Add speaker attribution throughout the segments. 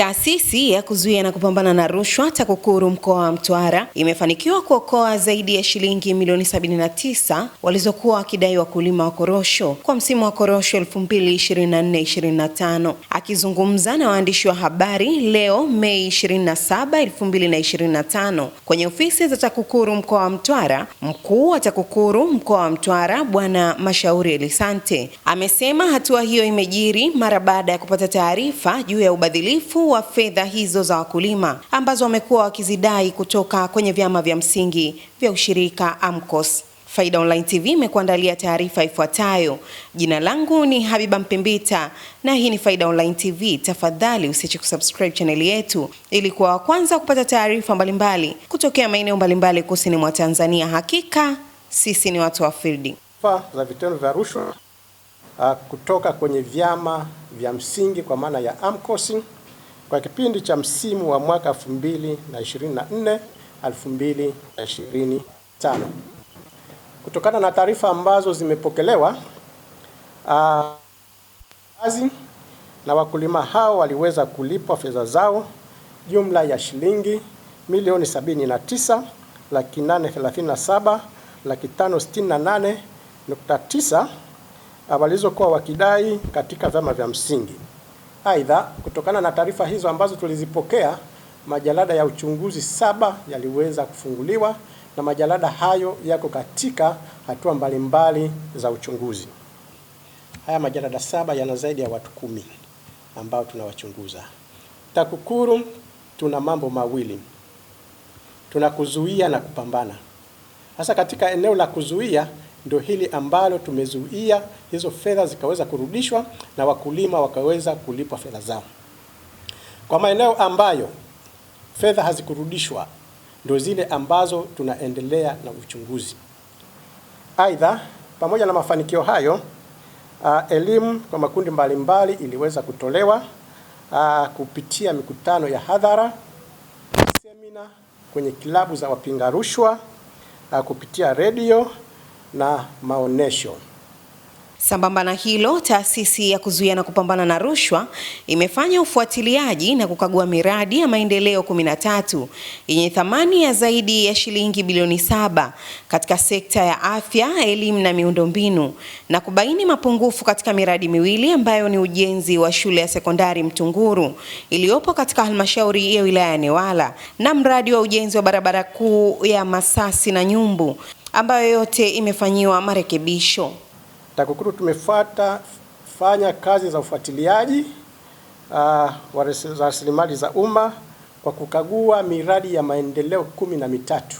Speaker 1: Taasisi ya kuzuia na kupambana na rushwa TAKUKURU mkoa wa Mtwara imefanikiwa kuokoa zaidi ya shilingi milioni 79 walizokuwa wakidai wakulima wa korosho kwa msimu wa korosho 2024-2025. Akizungumza na waandishi wa habari leo Mei 27, 2025 kwenye ofisi za TAKUKURU mkoa wa Mtwara, mkuu wa TAKUKURU mkoa wa Mtwara Bwana Mashauri Elisante amesema hatua hiyo imejiri mara baada ya kupata taarifa juu ya ubadhilifu kulipua fedha hizo za wakulima ambazo wamekuwa wakizidai kutoka kwenye vyama vya msingi vya ushirika AMCOS. Faida Online TV imekuandalia taarifa ifuatayo. Jina langu ni Habiba Mpimbita na hii ni Faida Online TV. Tafadhali usiache kusubscribe chaneli yetu ili kuwa wa kwanza kupata taarifa mbalimbali kutokea maeneo mbalimbali kusini mwa Tanzania. Hakika sisi ni watu wa
Speaker 2: Fa za vitendo vya rushwa ah, kutoka kwenye vyama vya msingi kwa maana ya AMCOS kwa kipindi cha msimu wa mwaka 2024 2025. Kutokana na taarifa ambazo zimepokelewa ah, azi na wakulima hao waliweza kulipwa fedha zao jumla ya shilingi milioni 79 laki 837 laki 568 nukta ah, walizokuwa wakidai katika vyama vya msingi. Aidha, kutokana na taarifa hizo ambazo tulizipokea, majalada ya uchunguzi saba yaliweza kufunguliwa na majalada hayo yako katika hatua mbalimbali mbali za uchunguzi. Haya majalada saba yana zaidi ya watu kumi ambao tunawachunguza. TAKUKURU tuna mambo mawili, tuna kuzuia na kupambana. Sasa katika eneo la kuzuia ndio hili ambalo tumezuia hizo fedha zikaweza kurudishwa na wakulima wakaweza kulipwa fedha zao. Kwa maeneo ambayo fedha hazikurudishwa, ndio zile ambazo tunaendelea na uchunguzi. Aidha, pamoja na mafanikio hayo, uh, elimu kwa makundi mbalimbali iliweza kutolewa uh, kupitia mikutano ya hadhara, semina kwenye kilabu za wapinga rushwa uh, kupitia redio na maonesho.
Speaker 1: Sambamba na hilo, taasisi ya kuzuia na kupambana na rushwa imefanya ufuatiliaji na kukagua miradi ya maendeleo 13 yenye thamani ya zaidi ya shilingi bilioni saba katika sekta ya afya, elimu na miundombinu na kubaini mapungufu katika miradi miwili ambayo ni ujenzi wa shule ya sekondari Mtunguru iliyopo katika halmashauri ya wilaya ya Newala na mradi wa ujenzi wa barabara kuu ya Masasi na Nyumbu ambayo yote imefanyiwa marekebisho.
Speaker 2: TAKUKURU tumefuata fanya kazi za ufuatiliaji uh, wa rasilimali za umma kwa kukagua miradi ya maendeleo kumi na mitatu.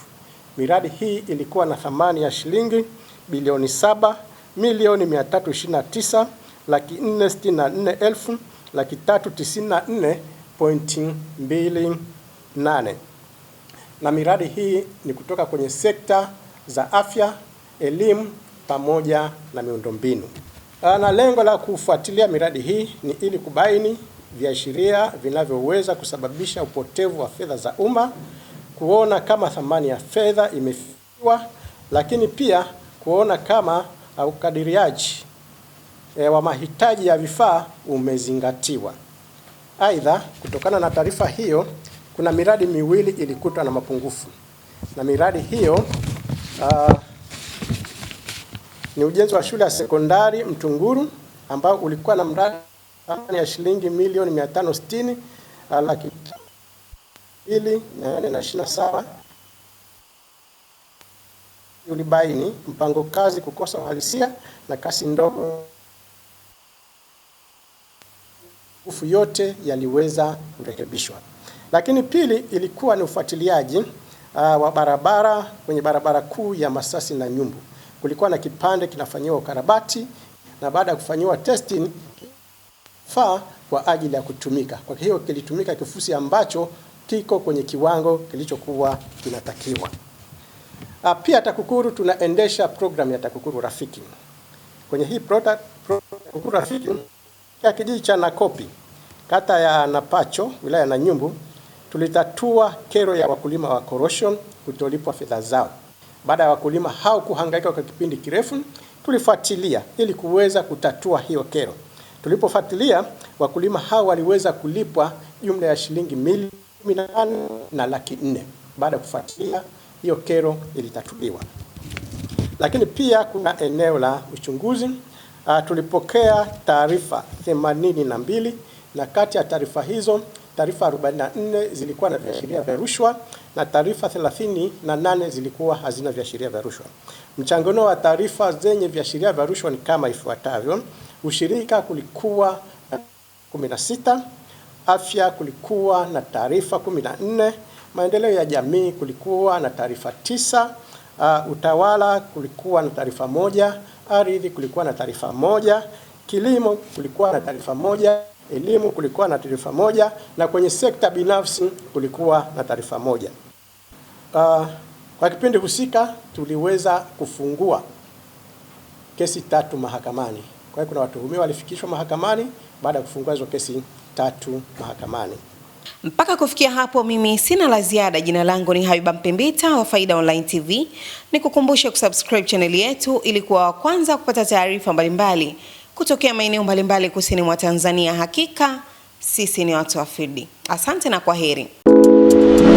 Speaker 2: Miradi hii ilikuwa na thamani ya shilingi bilioni 7 milioni 329 laki nne elfu laki 394.28 na miradi hii ni kutoka kwenye sekta za afya, elimu pamoja na miundombinu. Ah, na lengo la kufuatilia miradi hii ni ili kubaini viashiria vinavyoweza kusababisha upotevu wa fedha za umma, kuona kama thamani ya fedha imefikiwa, lakini pia kuona kama ah, ukadiriaji e, wa mahitaji ya vifaa umezingatiwa. Aidha, kutokana na taarifa hiyo, kuna miradi miwili ilikutwa na mapungufu na miradi hiyo Uh, ni ujenzi wa shule ya sekondari Mtunguru ambao ulikuwa na mradi ya shilingi milioni 560 uh, laki mbili na ishirini na saba ulibaini mpango kazi kukosa uhalisia na kasi ndogo. ufu yote yaliweza kurekebishwa, lakini pili ilikuwa ni ufuatiliaji uh, wa barabara kwenye barabara kuu ya Masasi na Nyumbu. Kulikuwa na kipande kinafanyiwa ukarabati na baada ya kufanyiwa testing faa kwa ajili ya kutumika. Kwa hiyo kilitumika kifusi ambacho kiko kwenye kiwango kilichokuwa kinatakiwa. Ah, pia TAKUKURU tunaendesha program ya TAKUKURU Rafiki. Kwenye hii product, TAKUKURU Rafiki ya kijiji cha Nakopi kata ya Napacho wilaya ya Nanyumbu Tulitatua kero ya wakulima wa korosho kutolipwa fedha zao. Baada ya wakulima hao kuhangaika kwa kipindi kirefu, tulifuatilia ili kuweza kutatua hiyo kero. Tulipofuatilia, wakulima hao waliweza kulipwa jumla ya shilingi milioni na laki nne. Baada ya kufuatilia, hiyo kero ilitatuliwa. Lakini pia kuna eneo la uchunguzi. Uh, tulipokea taarifa themanini na mbili na kati ya taarifa hizo taarifa 44 zilikuwa na viashiria vya rushwa na taarifa 38 zilikuwa hazina viashiria vya rushwa. Mchangano wa taarifa zenye viashiria vya rushwa ni kama ifuatavyo: ushirika kulikuwa na 16, afya kulikuwa na taarifa 14, maendeleo ya jamii kulikuwa na taarifa tisa, uh, utawala kulikuwa na taarifa moja, ardhi kulikuwa na taarifa moja, kilimo kulikuwa na taarifa moja elimu kulikuwa na taarifa moja, na kwenye sekta binafsi kulikuwa na taarifa moja. Uh, kwa kipindi husika tuliweza kufungua kesi tatu mahakamani. Kwa hiyo kuna watuhumiwa walifikishwa mahakamani baada ya kufungua hizo kesi tatu mahakamani.
Speaker 1: Mpaka kufikia hapo mimi sina la ziada. Jina langu ni Habiba Mpembita wa Faida Online TV. Nikukumbushe kusubscribe chaneli yetu ili kuwa wa kwanza kupata taarifa mbalimbali kutokea maeneo mbalimbali kusini mwa Tanzania. Hakika sisi ni watu wa Fidi. Asante na kwa heri.